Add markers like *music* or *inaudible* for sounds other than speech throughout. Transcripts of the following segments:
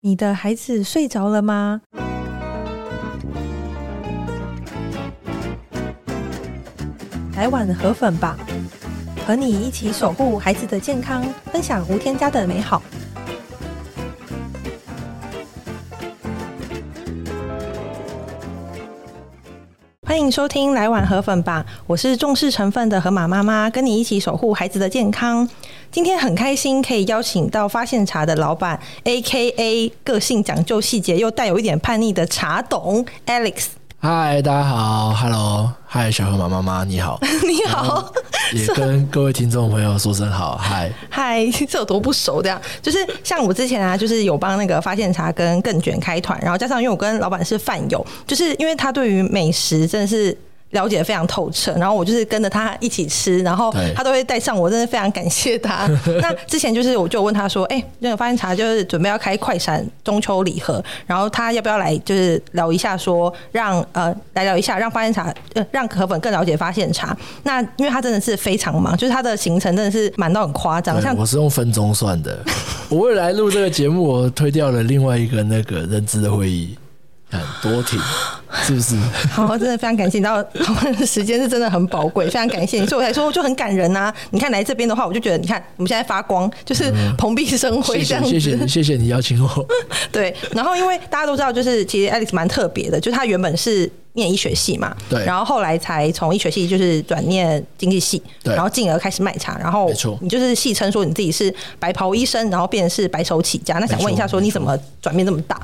你的孩子睡着了嗎？來碗河粉吧，和你一起守護孩子的健康，分享無添加的美好。歡迎收聽《來碗河粉吧》，我是重視成分的河馬媽媽，跟你一起守護孩子的健康。今天很開心，可以邀請到發現茶的老闆，AKA 個性講究細節又帶有一點叛逆的茶董 Alex。嗨，大家好，Hello，嗨，小河馬媽媽你好，你好， *laughs* 你好，也跟各位聽眾朋友說聲好，嗨 *laughs* Hi，嗨，這有多不熟這樣？的樣就是像我之前啊，就是有幫那個發現茶跟更捲開團，然後加上因為我跟老闆是飯友，就是因為他對於美食真的是。了解得非常透徹，然後我就是跟着他一起吃，然後他都會帶上我，對我真的非常感謝他。 *laughs* 那之前就是我就問他說：“哎、欸，那個發現茶就是準備要開快閃中秋禮盒，然後他要不要來？就是聊一下說，說讓呃來聊一下，讓發現茶、呃、讓河粉更了解發現茶。那因為他真的是非常忙，就是他的行程真的是忙到很誇張。對像我是用分鐘算的， *laughs* 我為了來錄這個節目，我推掉了另外一個那個認知的會議，很多聽。”是不是？好，真的非常感謝。然後你知道時間是真的很寶貴，非常感謝你。對我來說，我就很感人啊！你看來這邊的話，我就覺得你看我們現在發光，就是蓬蓽生輝這樣，嗯。謝謝，謝謝你，謝謝你邀請我。對，然後因為大家都知道，就是其實 Alex 蠻特別的，就是他原本是念醫學系嘛，對。然後後來才從醫學系就是轉念經濟系，對。然後進而開始賣茶，然後你就是戲稱說你自己是白袍醫生，然後變成是白手起家。那想問一下，說你怎麼轉變這麼大？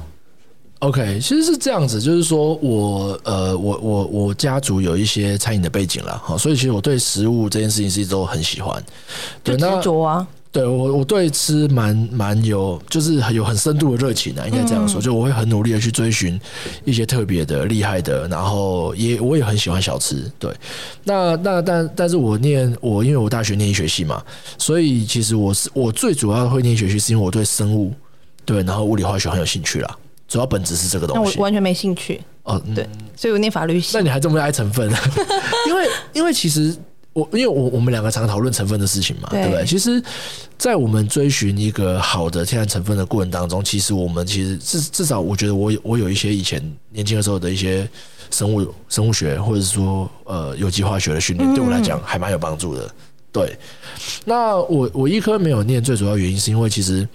OK，其實是這樣子，就是說我呃，我我我家族有一些餐飲的背景啦，哈，所以其實我對食物這件事情是一直都很喜歡。對，對，那，啊、對我我對吃蠻蠻有，就是有很深度的熱情啊，應該這樣說，嗯、就我會很努力的去追尋一些特別的、厲害的，然後也我也很喜歡小吃。對，那那但但是我念我因為我大學念醫學系嘛，所以其實我是我最主要會念醫學系，是因為我對生物對，然後物理化學很有興趣啦。主要本質是這個東西，那我完全沒興趣。哦，嗯、對，所以我念法律系。那你還這麼愛成分？ *laughs* 因為因為其實我因為我我們兩個常討論成分的事情嘛，對不對？其實，在我們追尋一個好的天然成分的過程當中，其實我們其實至至少我覺得我我有一些以前年輕的時候的一些生物生物學或者說呃有機化學的訓練，嗯、對我來講還蠻有幫助的。對，那我我醫科沒有念，最主要原因是因為其實。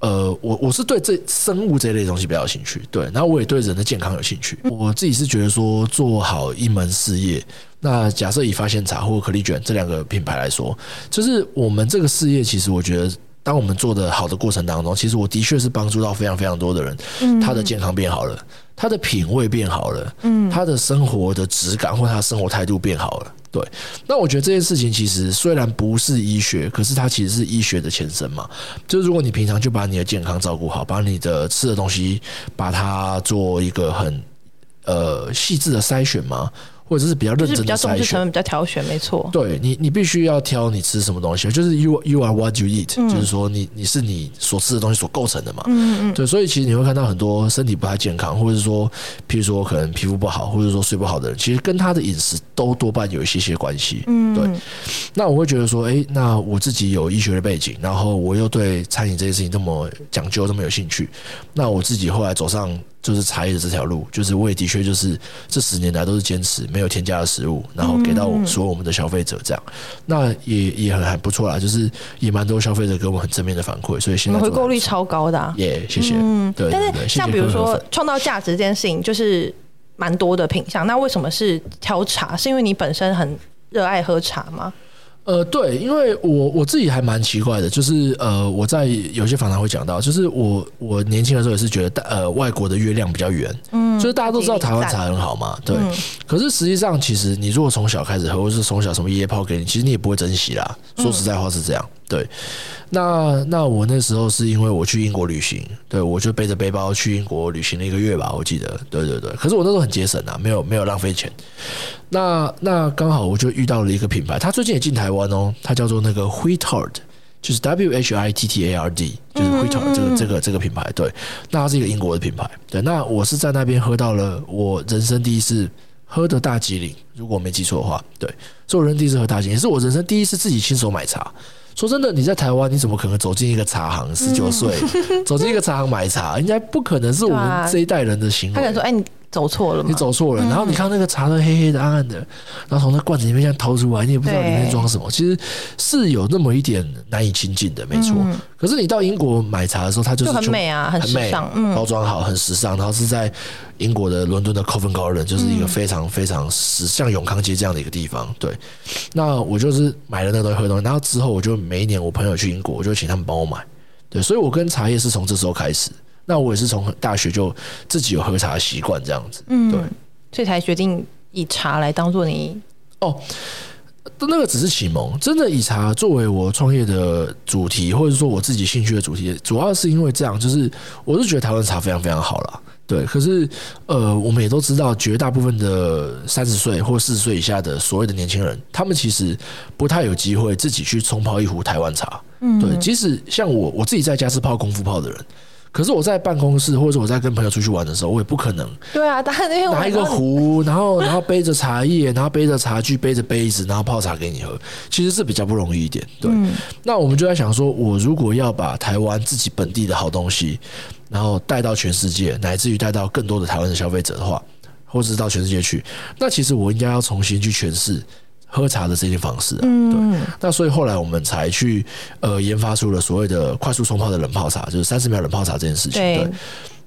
呃，我我是對這生物這一類東西比較有興趣，對，然後我也對人的健康有興趣。嗯、我自己是覺得說，做好一門事業，那假設以發現茶或可麗捲這兩個品牌來說，就是我們這個事業，其實我覺得，當我們做的好的過程當中，其實我的確是幫助到非常非常多的人，他的健康變好了。嗯他的品味變好了，嗯，他的生活的質感或他的生活態度變好了，對。那我覺得這件事情其實雖然不是醫學，可是它其實是醫學的前身嘛。就是如果你平常就把你的健康照顧好，把你的吃的東西把它做一個很呃細緻的篩選嘛。或者是比較認真的成分，比較挑選，沒錯。對你，你必須要挑你吃什麼東西，就是 you you are what you eat，就是說你你是你所吃的東西所構成的嘛。嗯嗯。對，所以其實你會看到很多身體不太健康，或者說譬如說可能皮膚不好，或者說睡不好的人，其實跟他的飲食都多半有一些些關係。嗯，對。那我會覺得說，哎，那我自己有醫學的背景，然後我又對餐飲這件事情這麼講究，這麼有興趣，那我自己後來走上。就是茶葉的這條路，就是我也的確就是這十年來都是堅持沒有添加的食物，然後給到所有我們的消費者這樣，嗯、那也也很還不錯啦，就是也蠻多消費者給我們很正面的反饋，所以現在做的很，你們回購率超高的、啊，耶，yeah, 謝謝，嗯，對，對，對，但是對對對像比如說創呵造價值這件事情，就是蠻多的品項，那為什麼是挑茶？是因為你本身很熱愛喝茶嗎？呃，對，因為我我自己還蠻奇怪的，就是呃，我在有些訪談會講到，就是我我年輕的時候也是覺得，呃，外國的月亮比較圓，嗯，就是大家都知道台灣茶很好嘛，嗯、對，對嗯、可是實際上，其實你如果從小開始喝，或是從小什麼爺爺泡給你，其實你也不會珍惜啦，說實在話是這樣。嗯嗯對，那那我那時候是因為我去英國旅行，對，我就背着背包去英國旅行了一個月吧，我記得，對對對。可是我那時候很節省啊，沒有沒有浪費錢。那那剛好我就遇到了一個品牌，它最近也進台灣哦，它叫做那個 Whittard，就是 W H I T T A R D，就是 Whittard 這個這個這個品牌。對，那它是一個英國的品牌。對，那我是在那邊喝到了我人生第一次喝的大吉嶺，如果我沒記錯的話，對，是我人生第一次喝大吉嶺，也是我人生第一次自己親手買茶。說真的，你在台灣，你怎麼可能走進一個茶行？十九歲走進一個茶行買茶，應該 *laughs* 不可能是我們這一代人的行為。啊、他想說，哎、欸、你。走錯了，你走錯了。然後你看那個茶都黑黑的、暗暗的，嗯、然後從那罐子裡面這樣掏出來，你也不知道裡面裝什麼。對其實是有那麼一點難以親近的，沒錯。嗯、可是你到英國買茶的時候，它就是就很美啊，很時尚，美嗯、包裝好，很時尚。然後是在英國的倫敦的 Covent Garden，就是一個非常非常時像永康街這樣的一個地方。對，那我就是買了那個東西喝東西。然後之後我就每一年我朋友去英國，我就請他們幫我買。對，所以我跟茶葉是從這時候開始。那我也是從大學就自己有喝茶習慣，這樣子，嗯，對，所以才決定以茶來當做你哦？那個只是啟蒙，真的以茶作為我創業的主題，或者說我自己興趣的主題，主要是因為這樣，就是我是覺得台灣茶非常非常好了，對。可是呃，我們也都知道，絕大部分的三十歲或四十歲以下的所謂的年輕人，他們其實不太有機會自己去沖泡一壺台灣茶，嗯哼，對。即使像我我自己在家是泡功夫泡的人。可是我在辦公室，或者是我在跟朋友出去玩的時候，我也不可能。對啊，拿一個壺，然後然後背着茶葉，然後背着茶、 *laughs* 茶具，背着杯子，然後泡茶給你喝，其實是比較不容易一點。對，嗯，那我們就在想說，我如果要把台灣自己本地的好東西，然後帶到全世界，乃至於帶到更多的台灣的消費者的話，或者是到全世界去，那其實我應該要重新去詮釋。喝茶的這些方式、啊，對，嗯、那所以後來我們才去呃研發出了所謂的快速沖泡的冷泡茶，就是三十秒冷泡茶這件事情，對，對，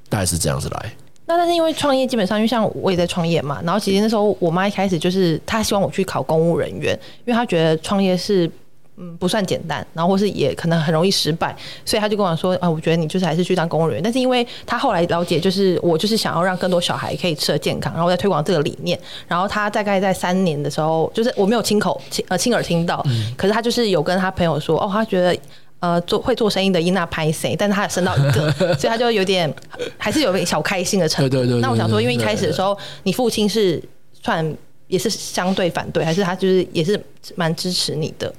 大概是這樣子來。那但是因為創業，基本上因為像我也在創業嘛，然後其實那時候我媽一開始就是、嗯、她希望我去考公務人員，因為她覺得創業是。嗯，不算簡單，然後或是也可能很容易失敗，所以他就跟我說啊、呃，我覺得你就是還是去當公務員。但是因為他後來了解，就是我就是想要讓更多小孩可以吃得健康，然後在推廣這個理念。然後他大概在三年的時候，就是我沒有親口親呃親耳聽到，嗯、可是他就是有跟他朋友說，哦，他覺得呃做會做生意的伊娜拍誰？但是他也生到一個， *laughs* 所以他就有點還是有點小開心的程度。 *laughs* 對對對。那我想說，因為一開始的時候，你父親是算也是相對反對，還是他就是也是蠻支持你的？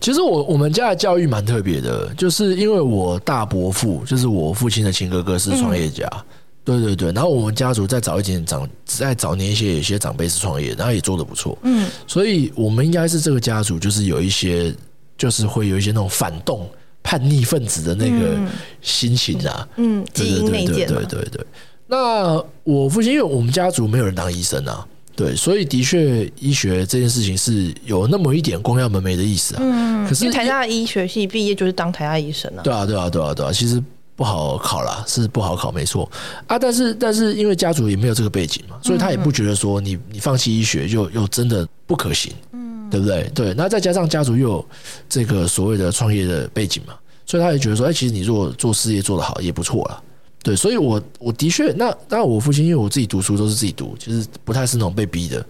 其實我我們家的教育蠻特別的，就是因為我大伯父，就是我父親的親哥哥，是創業家。嗯、對對對，然後我們家族在早一點長，在早年一些有些長輩是創業，然後也做得不錯。嗯，所以我們應該是這個家族，就是有一些，就是會有一些那種反動、叛逆分子的那個心情啊。嗯，對對,對對對對對對對，那我父親，因為我們家族沒有人當醫生啊。對，所以的確，醫學這件事情是有那麼一點光耀門楣的意思啊。嗯。可是因為台大的醫學系畢業就是當台大醫生啊。對啊，對啊，對啊，對啊，其實不好考啦，是不好考，沒錯啊。但是，但是，因為家族也沒有這個背景嘛，嗯、所以他也不覺得說你你放棄醫學就又，又真的不可行，嗯，對不對？對。那再加上家族又有這個所謂的創業的背景嘛，所以他也覺得說，哎、嗯欸，其實你做做事業做得好也不錯啦。對，所以，我我的確，那那我父親，因為我自己讀書都是自己讀，就是不太是那種被逼的，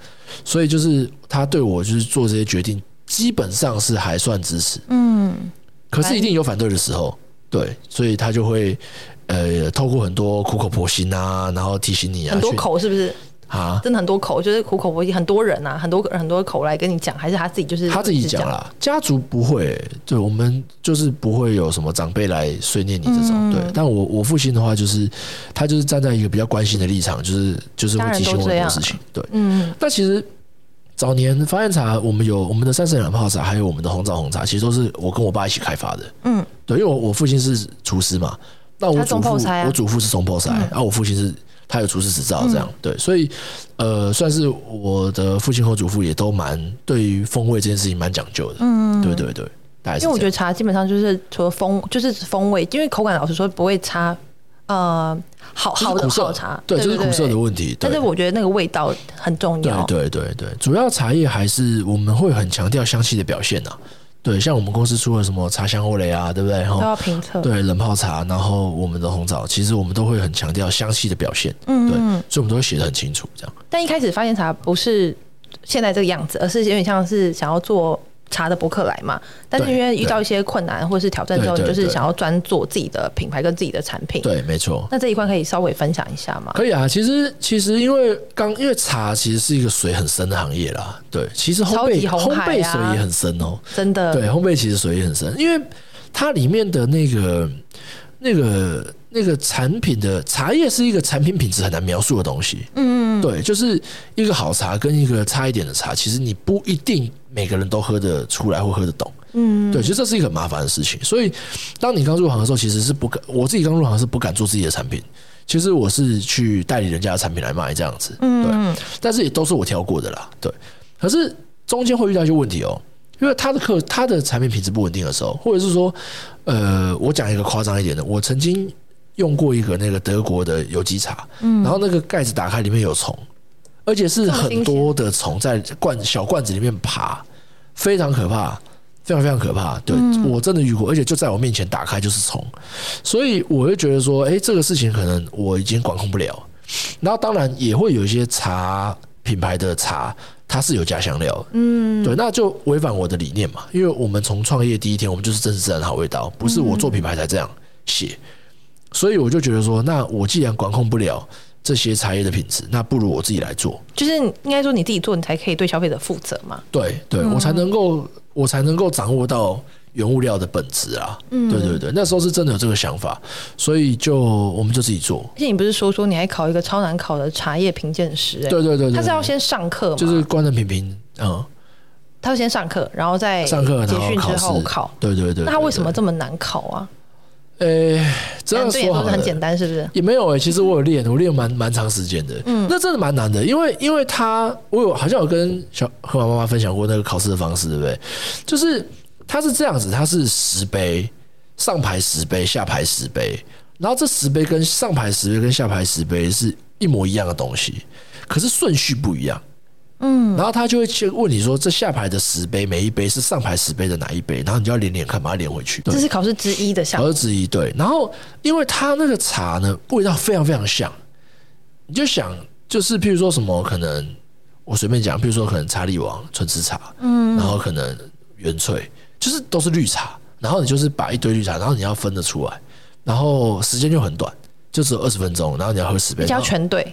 所以就是他對我就是做這些決定，基本上是還算支持，嗯，可是一定有反對的時候，你對，所以他就會呃，透過很多苦口婆心啊，然後提醒你啊，很多口是不是？啊，蛤真的很多口，就是苦口婆心，很多人吶、啊，很多很多口來跟你講，還是他自己就是自己他自己講啦。家族不會、欸，對我們就是不會有什麼長輩來訓練你這種。嗯嗯對，但我我父親的話，就是他就是站在一個比較關心的立場，就是就是會提醒我這件事情。對，嗯。那其實早年發現茶，我們有我們的三十秒冷泡茶，還有我們的紅棗紅茶，其實都是我跟我爸一起開發的。嗯，對，因為我我父親是廚師嘛，那我祖父、啊啊、我祖父是總舖師啊、嗯、啊，我父親是。還有廚師執照，這樣、嗯、對，所以呃，算是我的父親和祖父也都蠻對於風味這件事情蠻講究的，嗯，對對對，因為我覺得茶基本上就是除了風，就是風味，因為口感老實說不會差，呃，好好的好茶色，對，就是苦澀的問題，對，但是我覺得那個味道很重要，對對對對，主要茶葉還是我們會很強調香氣的表現吶、啊。對，像我們公司出了什麼茶香歐蕾啊，對不對？然後都要評測。對，冷泡茶，然後我們的紅棗，其實我們都會很強調香氣的表現，嗯、哼對，所以我們都會寫得很清楚，這樣。但一開始發現茶不是現在這個樣子，而是有點像是想要做。茶的博客來嘛，但是因為遇到一些困難或是挑戰之後，你就是想要專做自己的品牌跟自己的產品。對，沒錯。那這一塊可以稍微分享一下嗎？可以啊，其實其實因為剛因為茶其實是一個水很深的行業啦，對，其實烘焙、啊、烘焙水也很深哦、喔，真的，對，烘焙其實水也很深，因為它裡面的那個那個。那個產品的茶葉是一個產品品質很難描述的東西。嗯，對，就是一個好茶跟一個差一點的茶，其實你不一定每個人都喝得出來或喝得懂。嗯，對，其實這是一個很麻煩的事情。所以，當你剛入行的時候，其實是不敢。我自己剛入行是不敢做自己的產品。其實我是去代理人家的產品來賣這樣子。嗯，對。但是也都是我挑過的啦。對。可是中間會遇到一些問題哦，因為他的客他的產品品質不穩定的時候，或者是說，呃，我講一個誇張一點的，我曾經。用過一個那個德國的有機茶，嗯、然後那個蓋子打開，裡面有蟲，而且是很多的蟲在罐小罐子裡面爬，非常可怕，非常非常可怕。對、嗯、我真的遇過，而且就在我面前打開就是蟲，所以我會覺得說，誒，這個事情可能我已經管控不了。然後當然也會有一些茶品牌的茶，它是有加香料，嗯，對，那就違反我的理念嘛，因為我們從創業第一天，我們就是真實自然的好味道，不是我做品牌才這樣寫。嗯寫。所以我就覺得說，那我既然管控不了這些茶葉的品質，那不如我自己來做。就是應該說你自己做，你才可以對消費者負責嘛。對對、嗯我，我才能夠我才能夠掌握到原物料的本質啊。嗯，對對對，那時候是真的有這個想法，所以就我們就自己做。而且你不是說說你還考一個超難考的茶葉評鑑師、欸？對對,對對對，他是要先上課，就是觀審品評，嗯，他要先上課，然後再上課結訓之後考。嗯、對,對,對,對,對對對，那他為什麼這麼難考啊？呃，這樣說好像很簡單，是不是？也沒有誒、欸，其實我有練，我練蠻蠻，蠻長時間的。嗯，那真的蠻難的，因為因為他，我有好像有跟小河馬媽媽分享過那個考試的方式，對不對？就是他是這樣子，他是十杯，上排十杯，下排十杯，然後這十杯跟上排十杯跟下排十杯是一模一樣的東西，可是順序不一樣。嗯，然後他就會去問你說：“這下排的十杯，每一杯是上排十杯的哪一杯？”然後你就要連連看，把它連回去。對，這是考試之一的項目。考試之一，對。然後，因為他那個茶呢，味道非常非常像，你就想，就是譬如說什麼，可能我隨便講，譬如說可能茶裏王純粹茶，嗯，然後可能原萃，就是都是綠茶，然後你就是把一堆綠茶，然後你要分得出來，然後時間就很短，就只有二十分鐘，然後你要喝十杯，你要全對。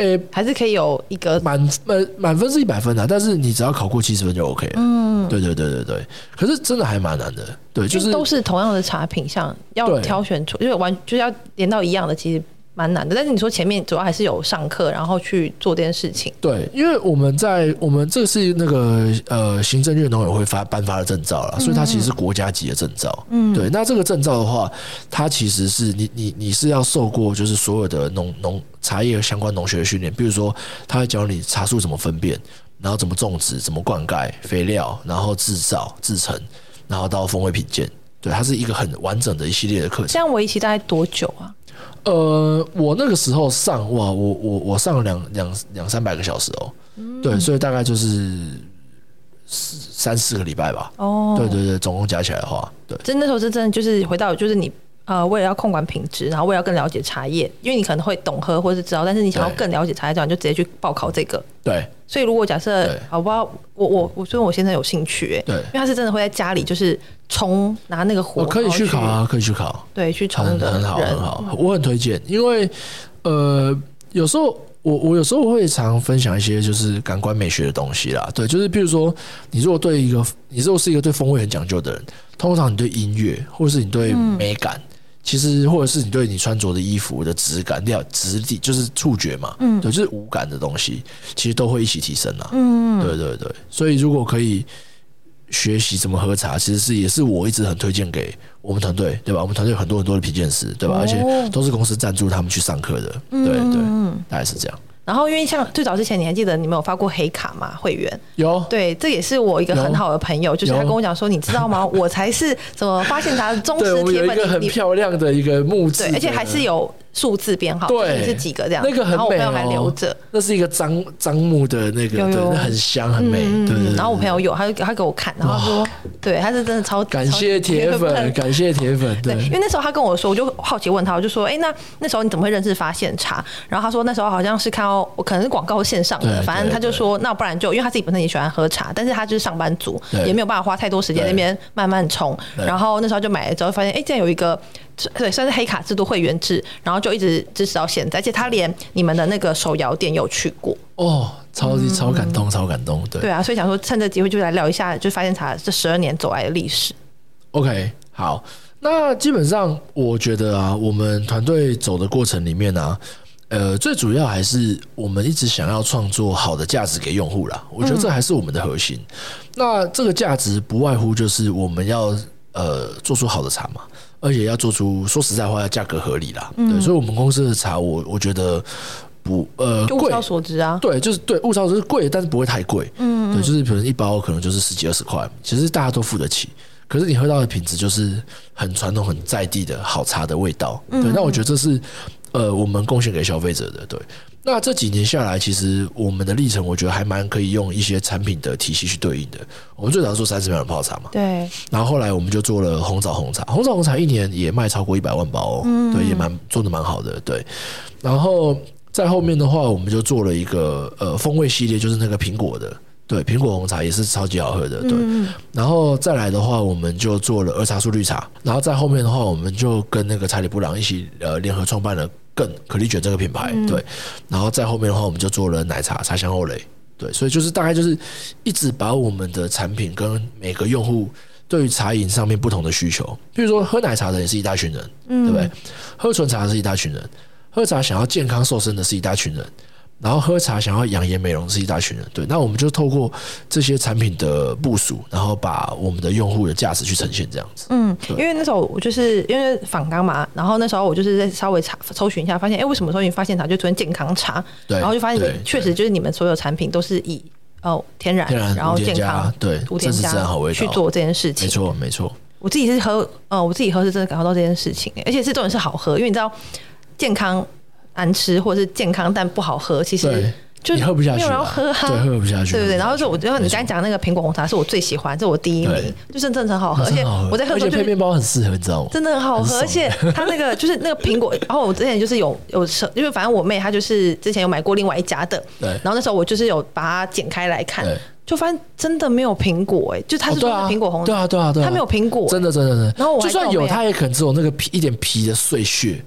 欸、還是可以有一個滿滿滿分是一百分的，啊，但是你只要考過七十分就 OK。嗯，對對對對對，可是真的還蠻難的，對，就是都是同樣的茶品，像要挑選出，因為對完就是，要連到一樣的，其實。蠻難的，但是你說，前面主要還是有上課，然後去做這件事情。對，因為我們在我們這個是那個呃行政院農委會發頒發的證照了，嗯、所以它其實是國家級的證照。嗯，對。那這個證照的話，它其實是你你你是要受過就是所有的農農茶葉相關農學的訓練，比如說它會教你茶樹怎麼分辨，然後怎麼種植、怎麼灌溉、肥料，然後制造、制成，然後到風味品鑑。對，它是一個很完整的一系列的課程。這樣為期大概多久啊？呃，我那個時候上哇，我我我上了兩兩兩三百個小時哦、喔，嗯、對，所以大概就是三、三四個禮拜吧。哦，對對對，總共加起來的話，對，那時候是真的，就是回到就是你。啊、呃，我也要控管品質，然後我也要更了解茶葉，因為你可能會懂喝或是知道，但是你想要更了解茶葉，你對就直接去報考這個。對，所以如果假設對，我不我我我，所以我先生有興趣、欸，對，因為他是真的會在家裡，就是沖拿那個壺，我可以去考啊，可以去考，對，去沖的很，很好，很好，嗯、我很推薦，因為呃，有時候我我有時候會常分享一些就是感官美學的東西啦，對，就是譬如說，你如果對一個，你如果是一個對風味很講究的人，通常你對音樂或者是你對美感。嗯其實，或者是你對你穿着的衣服的質感料、料質地，就是觸覺嘛，嗯、對，就是五感的東西，其實都會一起提升啦。嗯，對對對。所以，如果可以學習怎麼喝茶，其實是也是我一直很推薦給我們團隊，對吧？我們團隊很多很多的品鑑師，對吧？哦、而且都是公司贊助他們去上課的。對，對對，大概是這樣。然後，因為像最早之前，你還記得你沒有發過黑卡嗎？會員有對，這也是我一個很好的朋友，有就是他跟我講說，你知道嗎？有我才是怎麼發現他忠實鐵粉的一個很漂亮的一個木子，而且還是有。數字編號，對是幾個這樣，那個很美。然後我朋友還留着，那是一個樟樟木的那個，對，那很香很美。對，然後我朋友有，他就他給我看，然後說對，他是真的超感謝鐵粉，感謝鐵粉。對，因為那時候他跟我說，我就好奇問他，我就說誒，那那時候你怎麼會認識發現茶？然後他說那時候好像是看到我可能是廣告線上的，反正他就說那不然就因為他自己本身也喜歡喝茶，但是他就是上班族，也沒有辦法花太多時間那邊慢慢沖。然後那時候就買了之後發現哎，竟然有一個對算是黑卡制度會員制，然後。就一直支持到現在，而且他連你們的那個手搖店有去過哦，超級超感動，超感動，嗯、感動對對啊，所以想說趁這機會就來聊一下，就發現茶這十二年走來的歷史。OK，好，那基本上我覺得啊，我們團隊走的過程裡面呢、啊，呃，最主要還是我們一直想要創作好的價值給用戶啦，我覺得這還是我們的核心。嗯、那這個價值不外乎就是我們要呃做出好的茶嘛。而且要做出說實在話要價格合理啦，嗯、對，所以我們公司的茶我我覺得不呃物超所值啊，對，就是對物超所值是貴，但是不會太貴，嗯，嗯，嗯，對，就是比如一包可能就是十幾二十塊，其實大家都付得起，可是你喝到的品質就是很傳統很在地的好茶的味道，對，嗯、哼那我覺得這是呃我們貢獻給消費者的，對。那這幾年下來，其實我們的歷程，我覺得還蠻可以用一些產品的體系去對應的。我們最早做三十秒的泡茶嘛，對。然後後來我們就做了紅棗紅茶，紅棗紅茶一年也賣超過一百萬包哦，對，也蠻做的蠻好的。對。然後再後面的話，我們就做了一個呃風味系列，就是那個蘋果的，對，蘋果紅茶也是超級好喝的，對。然後再來的話，我們就做了兒茶素綠茶。然後在後面的話，我們就跟那個查理布朗一起呃聯合創辦了可麗捲這個品牌，嗯、對，然後在後面的話，我們就做了奶茶、茶香歐蕾，對，所以就是大概就是一直把我們的產品跟每個用戶對於茶飲上面不同的需求，譬如說喝奶茶的人也是一大群人，嗯、對不對？喝純茶的是一大群人，喝茶想要健康瘦身的是一大群人。然後喝茶想要養顏美容是一大群人，對。那我們就透過這些產品的部署，然後把我們的用戶的價值去呈現這樣子。嗯，對因為那時候我就是因為訪剛嘛，然後那時候我就是在稍微查抽尋一下，發現哎，為什麼說你發現它？就突然健康茶？對。然後就發現對確實就是你們所有產品都是以對哦天然天然，然後健康對，真實自然好味道去做這件事情。沒錯，沒錯。我自己是喝、呃、我自己喝是真的感受到這件事情、欸，而且是重點是好喝，因為你知道健康。難吃或者是健康但不好喝，其實就喝不下去，沒有人喝哈，對，喝不下去，對不對？然後說，我覺得你剛才講那個蘋果紅茶是我最喜歡，這我第一名，就是真的很好喝。而且我在喝的時候，就麵包很適合，你知道嗎？真的很好喝，而且它那個就是那個蘋果。然後我之前就是有有吃，因為反正我妹她就是之前有買過另外一家的，對。然後那時候我就是有把它剪開來看，就發現真的沒有蘋果，哎，就它是說的蘋果紅茶，對啊對啊對，它沒有蘋果，真的真的，然後就算有，它也可能只有那個皮一點皮的碎屑。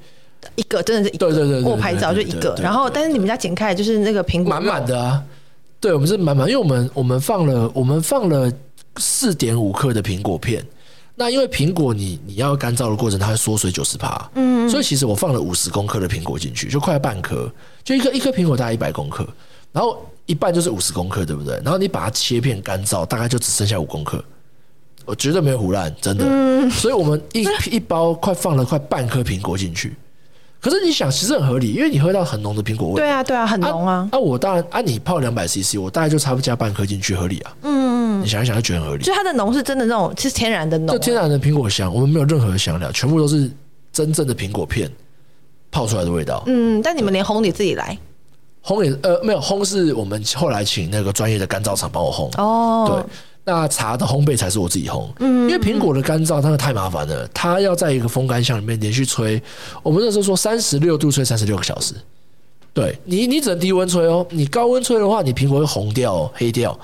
一個真的是一個，對對對，過拍照就一個，然後但是你們家剪開來就是那個蘋果滿滿的啊，對我們是滿滿，因為我們我們放了我們放了四點五克的蘋果片，那因為蘋果你你要乾燥的過程，它會縮水九十趴，嗯，所以其實我放了五十公克的蘋果進去，就快半顆，就一顆一顆蘋果大概一百公克，然後一半就是五十公克，對不對？然後你把它切片乾燥，大概就只剩下五公克，我絕對沒有唬爛，真的，嗯，所以我們一一包快放了快半顆蘋果進去。可是你想，其實很合理，因為你喝到很濃的蘋果味。對啊，對啊，很濃啊。那、啊啊、我當然，啊，你泡兩百 CC，我大概就差不多加半顆進去，合理啊。嗯嗯。你想一想，就覺得很合理。就它的濃是真的那種，是天然的濃、欸。就天然的蘋果香，我們沒有任何的香料，全部都是真正的蘋果片泡出來的味道。嗯，但你們連烘你自己來？烘，也呃沒有烘，是我們後來請那個專業的乾燥廠幫我烘。哦。對。那茶的烘焙，才是我自己烘，因為蘋果的乾燥真的太麻煩了，它要在一個風乾箱裡面連續吹，我們那時候說三十六度吹三十六個小時。對你，你只能低溫吹哦。你高溫吹的話，你蘋果會紅掉，哦、黑掉。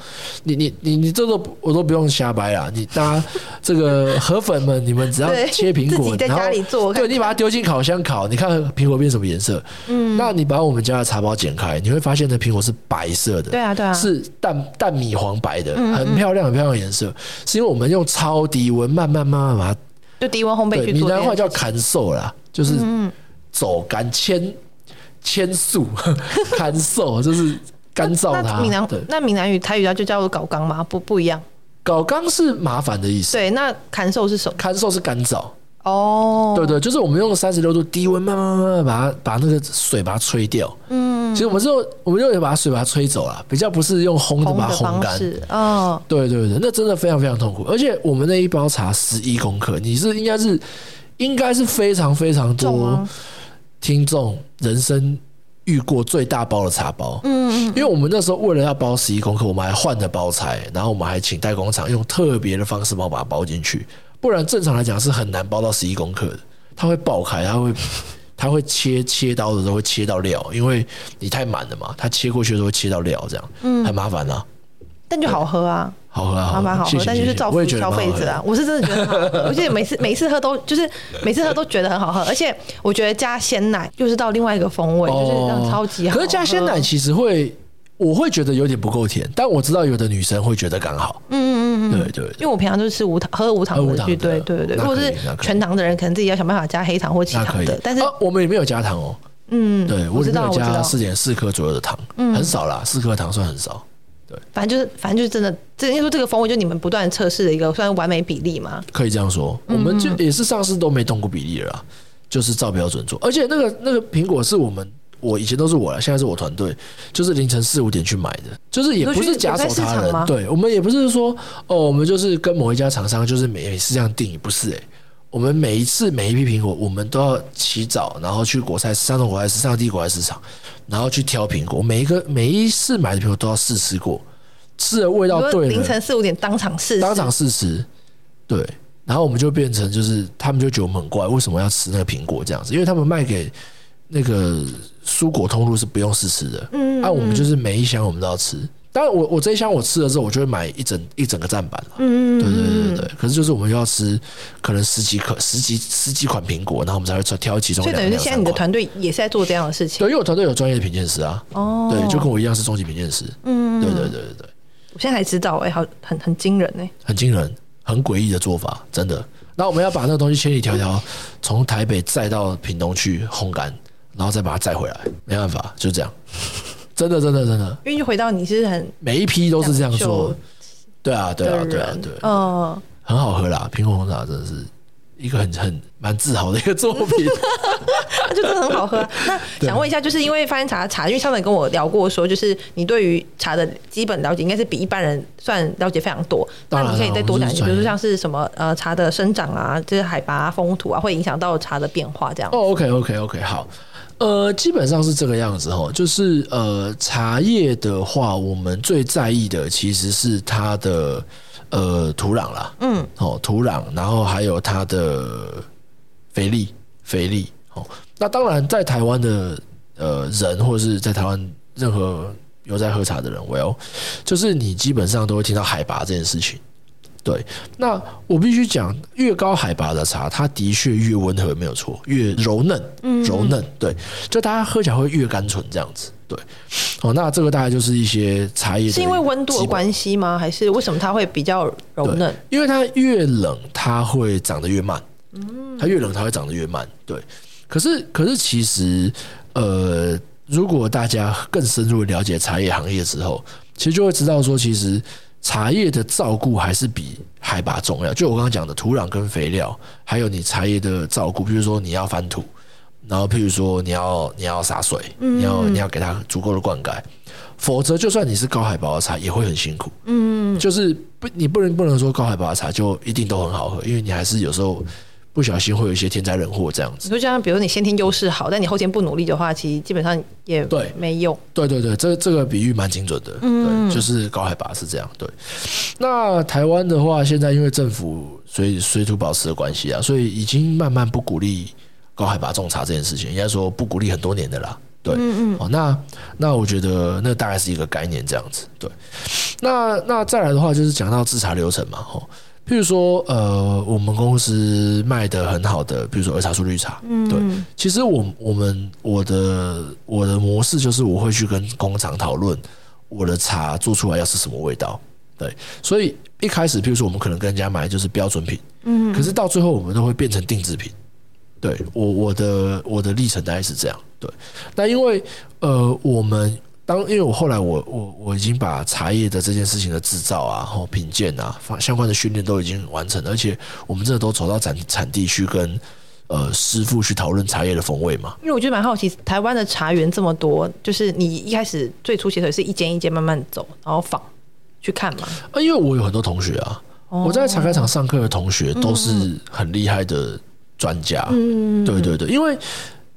你、你、你、你這都我都不用瞎掰啦。你搭這個河粉們， *laughs* 你們只要切蘋果，然後對，你把它丟進烤箱烤，你看蘋果變什麼顏色？嗯，那你把我們家的茶包剪開，你會發現這蘋果是白色的。對啊，對啊，對啊，是淡淡米黃白的，很漂亮，很漂亮的顏色。嗯嗯，是因為我們用超低溫慢慢慢慢把它，就低溫烘焙去做對。你那對話叫砍壽啦，嗯嗯，就是走乾千。千數、乾瘦， *laughs* 就是乾燥它。閩南對那閩南語、台語它就叫做“搞乾”嗎？不不一樣，“搞乾”是麻煩的意思。對，那砍瘦是“乾瘦”是什麼？“乾瘦”是乾燥。哦，對，對對，就是我們用三十六度低溫，慢慢慢慢把它把那個水把它吹掉。嗯，其實我們就我們就是把水把它吹走了，比較不是用烘的把它烘乾。哦，對對對，那真的非常非常痛苦。而且我們那一包茶十一公克，你是應該是應該是，是非常非常多。聽眾人生遇過最大包的茶包，嗯，因為我們那時候為了要包十一公克，我們還換了包材，然後我們還請代工廠用特別的方式幫我把它包進去。不然正常來講是很難包到十一公克的，它會爆開，它會它會切切刀的時候會切到料，因為你太滿了嘛，它切過去的時候會切到料，這樣，啊、嗯，很麻煩啦。但就好喝啊，好喝，好喝，好喝。但就是造福消費者啊！我是真的覺得，我記得每次每次喝都就是每次喝都覺得很好喝，而且我覺得加鮮奶又是到另外一個風味，就是這樣超級好喝。可是加鮮奶其實會，我會覺得有點不夠甜，但我知道有的女生會覺得剛好。嗯嗯嗯對對。因為我平常都是吃無糖，喝無糖的。對對對，如果是全糖的人，可能自己要想辦法加黑糖或其他的。但是我們也沒有加糖哦。嗯嗯。對，我只會加四點四克左右的糖，很少啦，四克糖算很少。對，反正就是，反正就是真的，應該說這個風味就是你們不斷測試的一個，算是完美比例嘛。可以這樣說，我們就也是上市都沒動過比例了啦，嗯嗯就是照標準做。而且那個那個蘋果是我們，我以前都是我啦，現在是我團隊，就是凌晨四五點去買的，就是也不是假手他的人，對，我們也不是說哦，我們就是跟某一家廠商就是每是這樣定，不是誒、欸。我們每一次每一批蘋果，我們都要起早，然後去果菜市場、果菜市場、當地的果菜市場，然後去挑蘋果。每一個每一次買的蘋果都要試吃過，吃的味道對了。凌晨四五點當場試，當場試吃。對，然後我們就變成就是他們就覺得我們很怪，為什麼要吃那個蘋果這樣子？因為他們賣給那個蔬果通路是不用試吃的。嗯，嗯，啊，我們就是每一箱我們都要吃。當然我，我我這一箱我吃了之後，我就會買一整一整個站板了。嗯，對對對對。可是就是我們要吃，可能十幾顆、十幾十幾款蘋果，然後我們才會挑其中。就等於是現在你的團隊也是在做這樣的事情。對，因為我團隊有專業的品鑑師啊。哦、對，就跟我一樣是中級品鑑師。嗯。對對對對對。我現在才知道、欸，哎，好，很很驚人哎。很驚人、欸、人，很詭異的做法，真的。那我們要把那個東西千里迢迢從台北載到屏東去烘乾，然後再把它載回來，沒辦法，就是這樣。 *laughs* 真的，真，的真的，真的，真的，因為就回到你是很每一批都是這樣說。對啊，對啊，對啊，對，嗯、呃，很好喝啦，蘋果紅茶真的是一個很很蠻自豪的一個作品， *laughs* *laughs* 就是很好喝，啊。那對、啊、想問一下，就是因為發現茶茶，因為上次跟我聊過說，就是你對於茶的基本了解，應該是比一般人算了解非常多。啊、那你可以再多講一些，啊啊、比如說像是什麼呃茶的生長啊，就是海拔，啊、風土啊，會影響到茶的變化這樣。哦，OK，OK，OK，、okay, okay, okay, 好。呃，基本上是這個樣子哈、哦，就是呃，茶葉的話，我們最在意的其實是它的呃土壤啦，嗯，哦，土壤，然後還有它的肥力，肥力，哦，那當然，在台灣的呃人，或是在台灣任何有在喝茶的人，well，、哦、就是你基本上都會聽到海拔這件事情。對，那我必須講，越高海拔的茶，它的確越溫和，沒有錯，越柔嫩，嗯、柔嫩，對，就大家喝起來會越甘醇這樣子，對。哦，那這個大概就是一些茶葉，是因為溫度的關係嗎？還是為什麼它會比較柔嫩？因為它越冷，它會長得越慢。嗯，它越冷，它會長得越慢。對，可是，可是，其實，呃，如果大家更深入的了解茶葉行業之後，其實就會知道說，其實。茶葉的照顧還是比海拔重要。就我剛剛講的土壤跟肥料，還有你茶葉的照顧，比如說你要翻土，然後譬如說你要你要灑水，你要你要給它足夠的灌溉，嗯、否則就算你是高海拔的茶也會很辛苦。嗯，就是不你不能不能說高海拔的茶就一定都很好喝，因為你還是有時候。不小心會有一些天災人禍這樣子。你就像，比如你先天優勢好，嗯，但你後天不努力的話，其實基本上也對沒用。對對對，這這個比喻蠻精準的。嗯，對，就是高海拔是這樣。對，那台灣的話，現在因為政府所以水土保持的關係啊，所以已經慢慢不鼓勵高海拔種茶這件事情，應該說不鼓勵很多年的啦。對，嗯嗯。哦，那那我覺得那大概是一個概念這樣子。對，那那再來的話就是講到制茶流程嘛，吼。比如說，呃，我們公司賣的很好的，比如說兒茶素綠茶，嗯，對。其實我我們我的我的模式就是，我會去跟工廠討論我的茶做出來要是什麼味道，對。所以一開始，比如說我們可能跟人家買就是標準品，嗯，可是到最後我們都會變成定製品。對，我我的我的歷程大概是這樣，對。但因為呃我們。當因為我後來我我我已經把茶葉的這件事情的制造啊，然後品鑑啊，相關的訓練都已經完成了，而且我們這都走到產產地去跟呃師傅去討論茶葉的風味嘛。因為我覺得蠻好奇，台灣的茶園這麼多，就是你一開始最初其實是一間一間慢慢走，然後訪去看嘛。啊，因為我有很多同學啊，哦、我在茶改場上課的同學都是很厲害的專家。嗯，對對對，因為。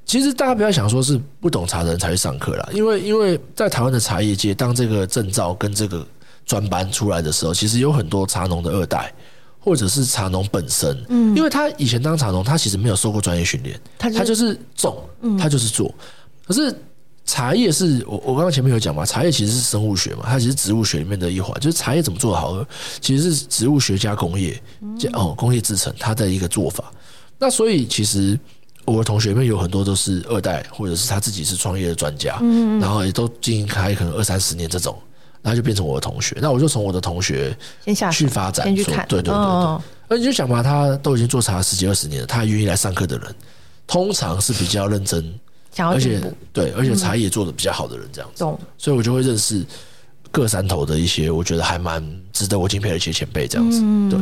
其實大家不要想說是不懂茶的人才去上課啦，因為因為在台灣的茶葉界，當這個證照跟這個專班出來的時候，其實有很多茶農的二代，或者是茶農本身，嗯，因為他以前當茶農，他其實沒有受過專業訓練，他就是種，他就是做。可是茶葉是我我剛剛前面有講嘛，茶葉其實是生物學嘛，它其實植物學裡面的一環，就是茶葉怎麼做得好，其實是植物學加工業加哦工業制成它的一個做法。那所以其實。我的同學裡面有很多都是二代，或者是他自己是創業的專家，嗯嗯然後也都經營開可能二三十年這種，那就變成我的同學。那我就從我的同學去發展先，先去看，對對，對對對對。那你、哦、就想嘛，他都已經做茶十幾二十年了，他還願意來上課的人，通常是比較認真，而且對，而且茶葉也做得比較好的人這樣子。嗯、所以，我就會認識各山頭的一些，我覺得還蠻值得我敬佩的一些前輩這樣子。嗯、對。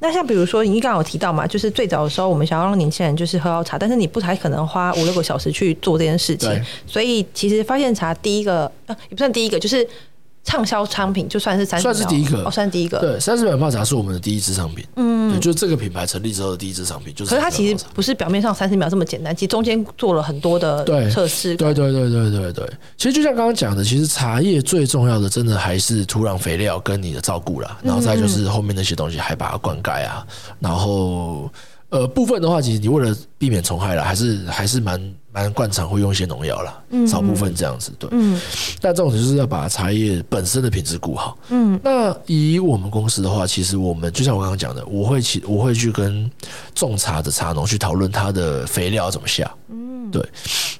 那像比如說，你剛剛有提到嘛，就是最早的時候，我們想要讓年輕人就是喝好茶，但是你不太可能花五六個小時去做這件事情，對所以其實發現茶第一個呃，也不算第一個，就是。暢銷商品就算是三十秒算、哦，算是第一個，哦，算第一個。對，三十秒泡茶是我們的第一支商品，嗯，對就是這個品牌成立之後的第一支商品。就是，可是它其實不是表面上三十秒這麼簡單，其實中間做了很多的測試對。對,對對對對對對，其實就像剛剛講的，其實茶葉最重要的，真的還是土壤肥料跟你的照顧啦。然後再就是後面那些東西，還把它灌溉啊，嗯、然後呃部分的話，其實你為了避免蟲害啦，還是還是蠻。然慣常會用一些農藥啦，嗯，嗯，少部分這樣子對。嗯，但這種就是要把茶葉本身的品質顧好。嗯，那以我們公司的話，其實我們就像我剛剛講的，我會去我會去跟種茶的茶農去討論它的肥料怎麼下。嗯，對。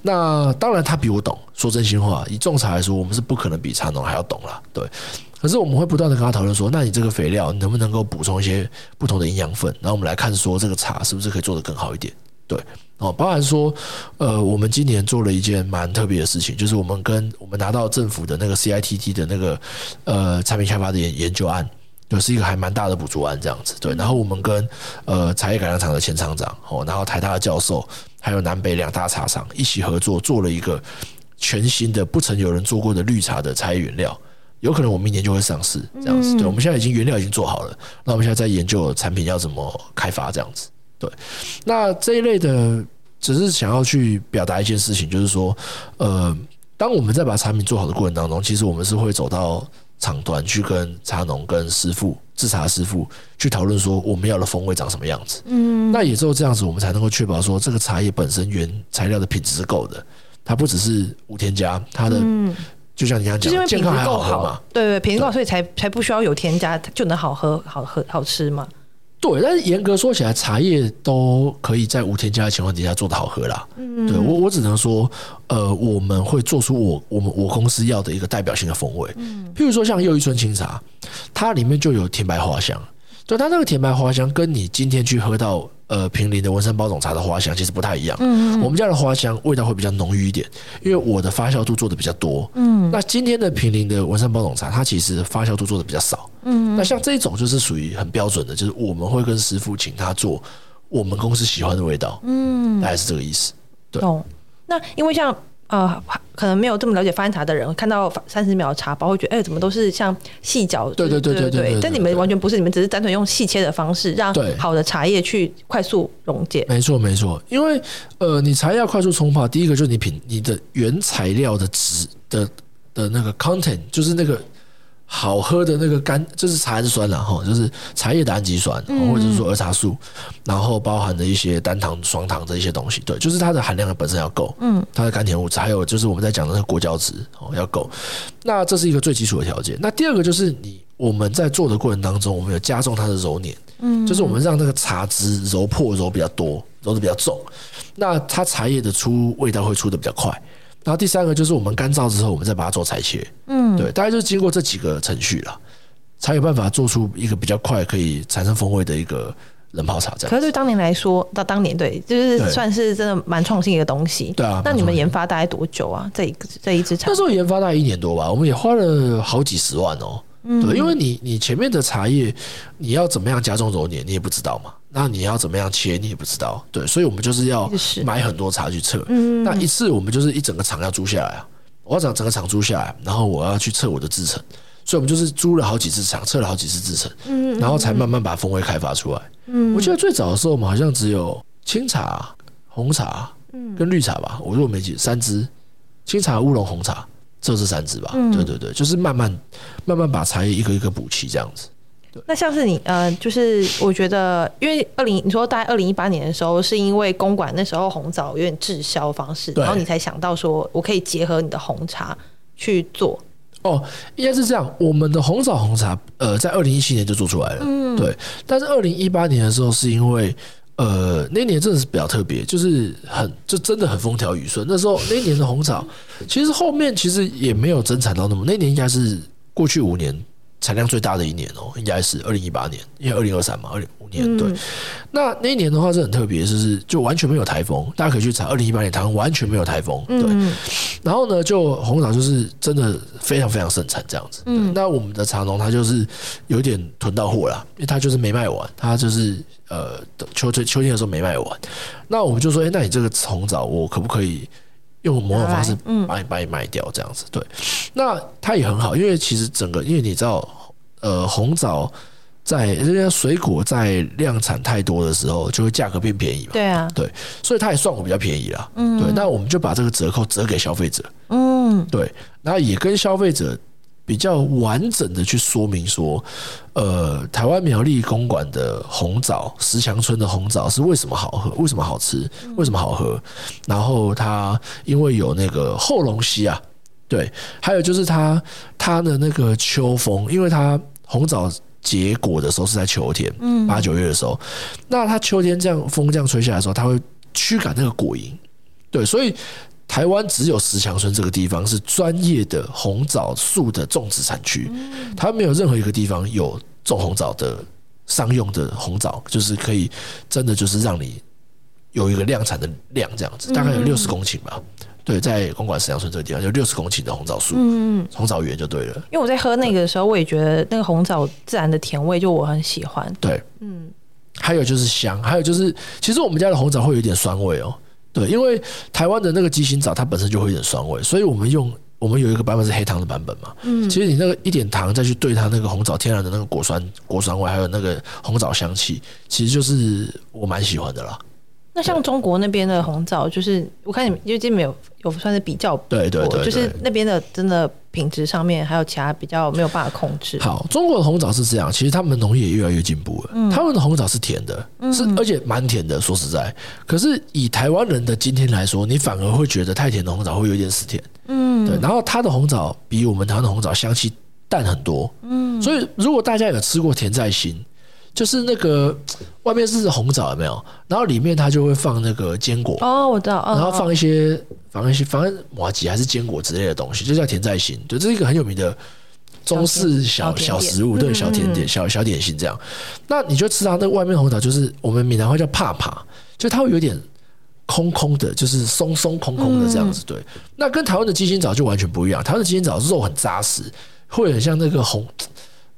那當然他比我懂，說真心話，以種茶來說，我們是不可能比茶農還要懂啦。對。可是我們會不斷的跟他討論說，那你這個肥料能不能夠補充一些不同的營養分？然後我們來看說這個茶是不是可以做得更好一點？對。哦，包含說，呃，我們今年做了一件蠻特別的事情，就是我們跟我們拿到政府的那個 CITT 的那個呃產品開發的研研究案，就是一個還蠻大的補助案這樣子。對，然後我們跟呃茶葉改良廠的前廠長，哦，然後台大的教授，還有南北兩大茶廠一起合作，做了一個全新的不曾有人做過的綠茶的茶葉原料，有可能我明年就會上市這樣子。對，我們現在已經原料已經做好了，那我們現在在研究產品要怎麼開發這樣子。對，那這一類的，只是想要去表達一件事情，就是說，呃，當我們在把產品做好的過程當中，其實我們是會走到廠端去跟茶農、跟師傅、製茶師傅去討論說，我們要的風味長什麼樣子。嗯，那也只有這樣子，我們才能夠確保說，這個茶葉本身原材料的品質是夠的。它不只是無添加，它的，嗯，就像你剛剛講，健康還夠好喝嘛，對，對對，品質夠，對所以才才不需要有添加，就能好喝、好喝、好吃嘛。對，但是嚴格說起來，茶葉都可以在無添加的情況底下做的好喝啦。嗯、對我，我只能說，呃，我們會做出我我們我公司要的一個代表性的風味，嗯、譬如說像又一村清茶，它裡面就有甜白花香。嗯對，它這個甜白花香，跟你今天去喝到呃坪林的文山包種茶的花香其實不太一樣。嗯，嗯，我們家的花香味道會比較濃郁一點，因為我的發酵度做的比較多。嗯，那今天的坪林的文山包種茶，它其實發酵度做的比較少。嗯，嗯，那像這種就是屬於很標準的，就是我們會跟師傅請他做我們公司喜歡的味道。嗯，還是這個意思。對，那因為像。呃可能沒有這麼了解發現茶的人，看到三十秒茶包，會覺得，哎、欸，怎麼都是像細嚼。對對,對對對對對。但你們完全不是，你們只是單純用細切的方式，讓好的茶葉去快速溶解。沒錯沒錯，因為呃，你茶葉要快速沖泡，第一個就是你品你的原材料的值的的那個 content，就是那個。好喝的那個甘，就是茶氨酸，然後就是茶葉的氨基酸，或者是說兒茶素，嗯、然後包含的一些單糖、雙糖的一些東西，對，就是它的含量本身要夠，嗯，它的甘甜物質，還有就是我們在講的那個果膠質哦要夠，那這是一個最基礎的條件。那第二個就是你，我們在做的過程當中，我們有加重它的揉捻，嗯，就是我們讓那個茶汁揉破揉比較多，揉的比較重，那它茶葉的出味道會出的比較快。然後第三個就是我們乾燥之後，我們再把它做裁切，嗯，對，大概就是經過這幾個程序了，才有辦法做出一個比較快可以產生風味的一個冷泡茶。可是對當年來說，到當年對，就是算是真的蠻創新一個東西。對啊，那你們研發大概多久啊？這這一支茶那時候研發大概一年多吧，我們也花了好幾十萬哦。對，嗯，因為你你前面的茶葉你要怎麼樣加重揉捻，你也不知道嘛。那你要怎麼樣切，你也不知道。對，所以我們就是要買很多茶去測。嗯，那一次我們就是一整個廠要租下來啊，我要整個廠租下來，然後我要去測我的製程，所以我們就是租了好幾次廠，測了好幾次製程，然後才慢慢把風味開發出來。嗯嗯嗯，我記得最早的時候，我們好像只有青茶、紅茶、跟綠茶吧，我如果沒記三支，青茶、烏龍、紅茶，這是三支吧。嗯，對對對，就是慢慢慢慢把茶葉一個一個補齊這樣子。那像是你呃，就是我覺得，因為二零你說大概二零一八年的時候，是因為公館那時候紅棗有點滯銷方式，對然後你才想到說我可以結合你的紅茶去做。哦，應該是這樣，我們的紅棗紅茶呃，在二零一七年就做出來了，嗯，對。但是二零一八年的時候，是因為呃那一年真的是比較特別，就是很就真的很風調雨順。那時候那一年的紅棗 *laughs* 其實後面其實也沒有增產到那麼，那一年應該是過去五年。產量最大的一年哦、喔，應該是二零一八年，因為二零二三嘛，二零五年對。嗯、那那一年的話是很特別，就是就完全沒有台風，大家可以去查二零一八年台灣完全沒有台風，嗯嗯對。然後呢，就紅棗就是真的非常非常盛產這樣子。嗯、那我們的茶農他就是有點囤到貨了，因為他就是沒賣完，他就是呃秋天秋天的時候沒賣完。那我們就說，誒、欸、那你這個紅棗我可不可以？用某種方式把你把你賣掉這樣子 Alright,、嗯，對。那它也很好，因為其實整個，因為你知道，呃，紅棗在人家水果在量產太多的時候，就會價格變便宜嘛。對啊，對，所以它也算我比較便宜了。嗯，對。那我們就把這個折扣折給消費者。嗯，對。那也跟消費者。比較完整的去說明說，呃，台灣苗栗公館的紅棗，石墻村的紅棗是為什麼好喝？為什麼好吃？為什麼好喝？然後它因為有那個後龍溪啊，對，還有就是它它的那個秋風，因為它紅棗結果的時候是在秋天，嗯，八九月的時候，嗯、那它秋天這樣風這樣吹下來的時候，它會驅趕那個果蠅，對，所以。台灣只有石牆村，這個地方是專業的紅棗樹的種植產區，嗯、它沒有任何一個地方有種紅棗的商用的紅棗，就是可以真的就是讓你有一個量產的量這樣子，大概有六十公頃吧。嗯、對，在公館石牆村這個地方有六十公頃的紅棗樹，嗯、紅棗園就對了。因為我在喝那個的時候，我也覺得那個紅棗自然的甜味就我很喜歡。對，嗯，還有就是香，還有就是其實我們家的紅棗會有點酸味哦、喔。對，因為台灣的那個雞心棗它本身就會有點酸味，所以我們用我們有一個版本是黑糖的版本嘛。嗯，其實你那個一點糖再去兌它那個紅棗天然的那個果酸、果酸味，還有那個紅棗香氣，其實就是我蠻喜歡的啦。那像中國那邊的紅棗，就是對我看你們因為有有算是比較對，對對對，就是那邊的真的品質上面還有其他比較沒有辦法控制。好，中國的紅棗是這樣，其實他們的農業也越來越進步了。嗯、他們的紅棗是甜的，是而且蠻甜的，說實在，嗯、可是以台灣人的今天來說，你反而會覺得太甜的紅棗會有一點死甜。嗯，對。然後它的紅棗比我們台灣的紅棗香氣淡很多。嗯，所以如果大家有吃過甜在心。就是那個外面是紅棗有沒有？然後裡面它就會放那個堅果哦，我知道，然後放一些放一些放麻糬還是堅果之類的東西，就叫甜在心。對，這是一個很有名的中式小小，小食物，對小甜點，嗯嗯小小點心這樣。那你就吃它，啊，那個、外面紅棗就是我們閩南話叫怕怕，就它會有點空空的，就是鬆鬆空空的這樣子。嗯、對，那跟台灣的雞心棗就完全不一樣，台灣的雞心棗肉很扎實，會很像那個紅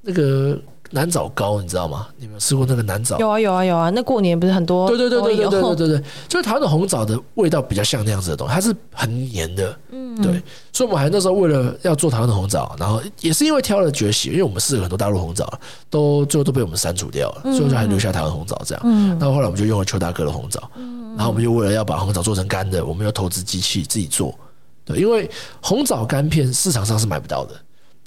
那個。南棗糕，你知道嗎？你們吃過那個南棗、啊？有啊有啊有啊！那過年不是很多？對對，對對對對對對對對，就是台灣的紅棗的味道比較像那樣子的東西，它是很黏的。嗯，嗯，對，所以我們還那時候為了要做台灣的紅棗，然後也是因為挑了決心，因為我們試了很多大陸紅棗，都最後都被我們刪除掉了，所以就還留下台灣紅棗這樣。嗯，嗯，那後，後來我們就用了邱大哥的紅棗，然後我們就為了要把紅棗做成乾的，我們要投資機器自己做。對，因為紅棗乾片市場上是買不到的，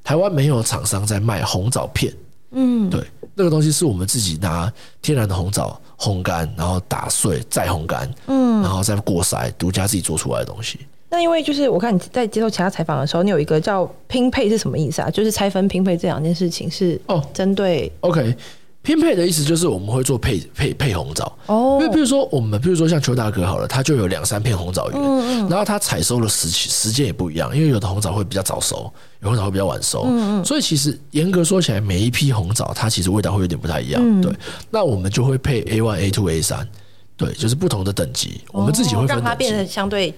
台灣沒有廠商在賣紅棗片。嗯，對，那個東西是我們自己拿天然的紅棗烘乾，然後打碎再烘乾，嗯，然後再過篩，獨家自己做出來的東西。那因為就是我看你在接受其他採訪的時候，你有一個叫拼配是什麼意思啊？就是拆分拼配這兩件事情是哦，針對 OK 拼配的意思就是我們會做配配配紅棗哦，因為比如說我們比如說像邱大哥好了，他就有兩三片紅棗園，嗯嗯，然後他採收的時期時間也不一樣，因為有的紅棗會比較早熟。紅棗會比較晚收，所以其實嚴格說起來，每一批紅棗它其實味道會有點不太一樣。嗯、對，那我們就會配 A one、A two、A 三，對，就是不同的等級，哦、我們自己會分讓它變得相對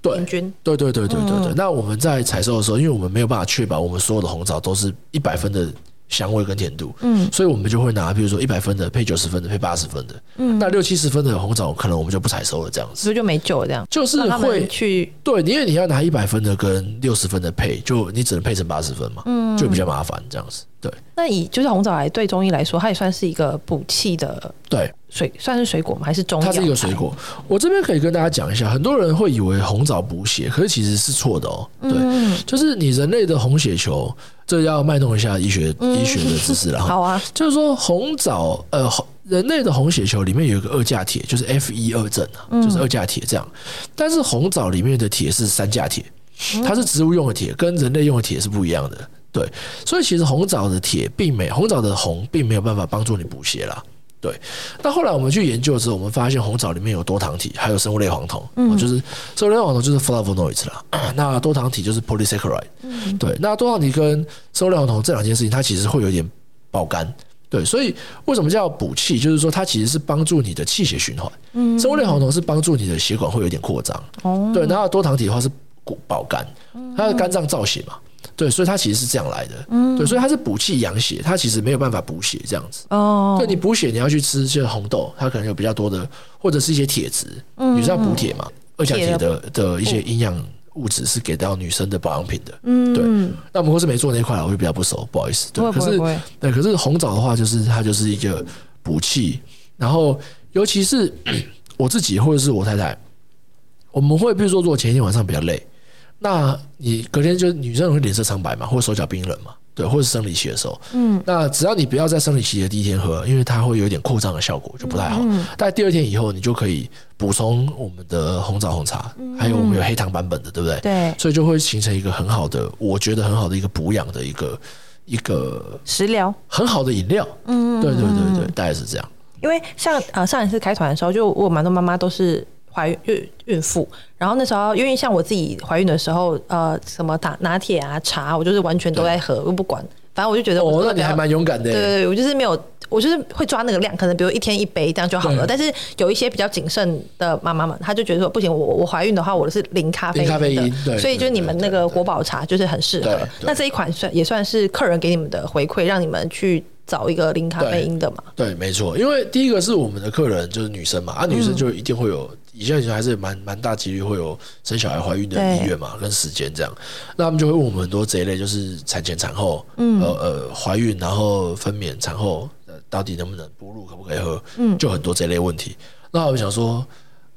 平均。對，對對對對對對。嗯、那我們在採收的時候，因為我們沒有辦法確保我們所有的紅棗都是一百分的。香味跟甜度，嗯，所以我們就會拿，比如說一百分的配九十分的配八十分的，嗯，那六七十分的紅棗可能我們就不採收了，這樣子，所以，就沒救了，這樣就是會他去，對，因為你要拿一百分的跟六十分的配，就你只能配成八十分嘛，嗯，就比較麻煩這樣子，對。那以就是紅棗來對中醫來說，它也算是一個補氣的，對。水算是水果嗎？還是中藥？它是一個水果。我這邊可以跟大家講一下，很多人會以為紅棗補血，可是其實是錯的哦。對，嗯、就是你人類的紅血球，這要賣弄一下醫學、嗯、醫學的知識了。好啊，就是說紅棗呃，人類的紅血球裡面有一個二價鐵，就是 Fe 二正就是二價鐵這樣。嗯、但是紅棗裡面的鐵是三價鐵，嗯、它是植物用的鐵，跟人類用的鐵是不一樣的。對，所以其實紅棗的鐵並沒紅棗的紅並沒有辦法幫助你補血啦。對，那後來我們去研究的時候，我們發現紅棗裡面有多糖體，還有生物類黃酮。嗯，就是生物類黃酮就是 flavonoids 啦，那多糖體就是 polysaccharide。Ide, 嗯、對，那多糖體跟生物類黃酮這兩件事情，它其實會有點保肝。對，所以為什麼叫補氣？就是說它其實是幫助你的氣血循環。嗯，生物類黃酮是幫助你的血管會有點擴張。哦、嗯，對，然後多糖體的話是保肝，它的肝臟造血嘛。對，所以它其實是這樣來的。嗯，對，所以它是補氣養血，它其實沒有辦法補血這樣子。哦，所以你補血你要去吃一些紅豆，它可能有比較多的或者是一些鐵質，嗯，你知道補鐵嘛？二價鐵的的一些營養物質是給到女生的保養品的。嗯，對。那我們公司沒做那塊，我就比較不熟，不好意思。對可是，對，可是紅棗的話，就是它就是一個補氣，然後尤其是我自己或者是我太太，我們會比如說，如果前一天晚上比較累。那你隔天就女生會臉色蒼白嘛，或者手腳冰冷嘛，對，或者是生理期的時候，嗯，那只要你不要在生理期的第一天喝，因為它會有點擴張的效果就不太好，嗯嗯，但第二天以後你就可以補充我們的紅棗紅茶，嗯嗯，還有我們有黑糖版本的，對不對？對，所以就會形成一個很好的，我覺得很好的一個補養的一個一個食療料，很好的飲料，嗯嗯，對對對對，大概是這樣。因為像呃上一次開團的時候，就我蠻多媽媽都是。懷孕孕婦，然後那時候因為像我自己懷孕的時候，呃，什麼打拿鐵啊茶，我就是完全都在喝，對我不管，反正我就覺得我。哦，那你還蠻勇敢的。對對對，我就是沒有，我就是會抓那個量，可能比如一天一杯這樣就好了。對但是有一些比較謹慎的媽媽們，她就覺得說不行，我我懷孕的話，我是零咖啡因，零咖啡因，對，所以就是你們那個國寶茶就是很適合。對對對對，那這一款算也算是客人給你們的回饋，讓你們去找一個零咖啡因的嘛？對，對，沒錯，因為第一個是我們的客人就是女生嘛，啊，女生就一定會有，嗯。以前，以前還是蠻蠻大幾率會有生小孩、懷孕的意願嘛，對跟時間這樣，那他們就會問我們很多這一類，就是產前、產後，呃、嗯、呃，懷孕然後分娩、產後，到底能不能哺乳，可不可以喝？嗯，就很多這一類問題。那我們想說，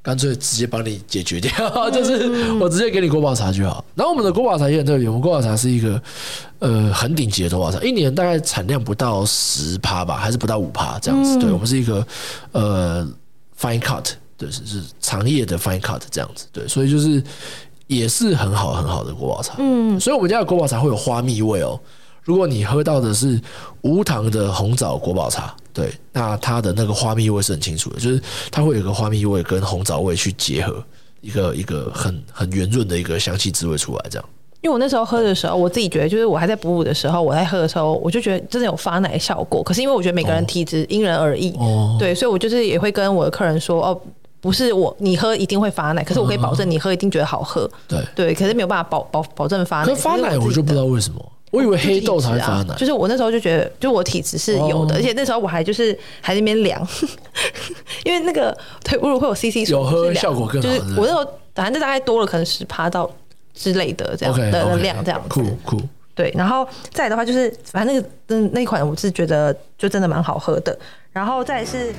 乾脆直接幫你解決掉，嗯、 *laughs* 就是我直接給你國寶茶就好。然後我們的國寶茶也很特別，我們國寶茶是一個呃很頂級的國寶茶，一年大概產量不到十趴吧，還是不到五趴這樣子。嗯、對我們是一個呃 fine cut。對，是是長葉的 fine cut 這樣子，對，所以就是也是很好很好的國寶茶，嗯，所以我們家的國寶茶會有花蜜味哦。如果你喝到的是無糖的紅棗國寶茶，對，那它的那個花蜜味是很清楚的，就是它會有個花蜜味跟紅棗味去結合一，一個一個很很圓潤的一個香氣滋味出來，這樣。因為我那時候喝的時候，我自己覺得就是我還在哺乳的時候，我在喝的時候，我就覺得真的有發奶效果。可是因為我覺得每個人體質因人而異，哦、對，所以我就是也會跟我的客人說哦。不是我，你喝一定會發奶，可是我可以保證你喝一定覺得好喝。對、嗯、對，可是沒有辦法保保保，保證發奶。那發奶我就不知道為什麼，我以為黑豆才發奶。啊啊、就是我那時候就覺得，就是我體質是有的，哦、而且那時候我還就是還在那邊涼， *laughs* 因為那個對，我乳會有 CC 水有喝效果更好。就是我那時候反正大概多了可能十趴到之類的這樣子的，的 Okay, 量這樣子。酷酷、okay, cool, cool。對，然後再來的話就是，反正那個那一款我是覺得就真的蠻好喝的，然後再是。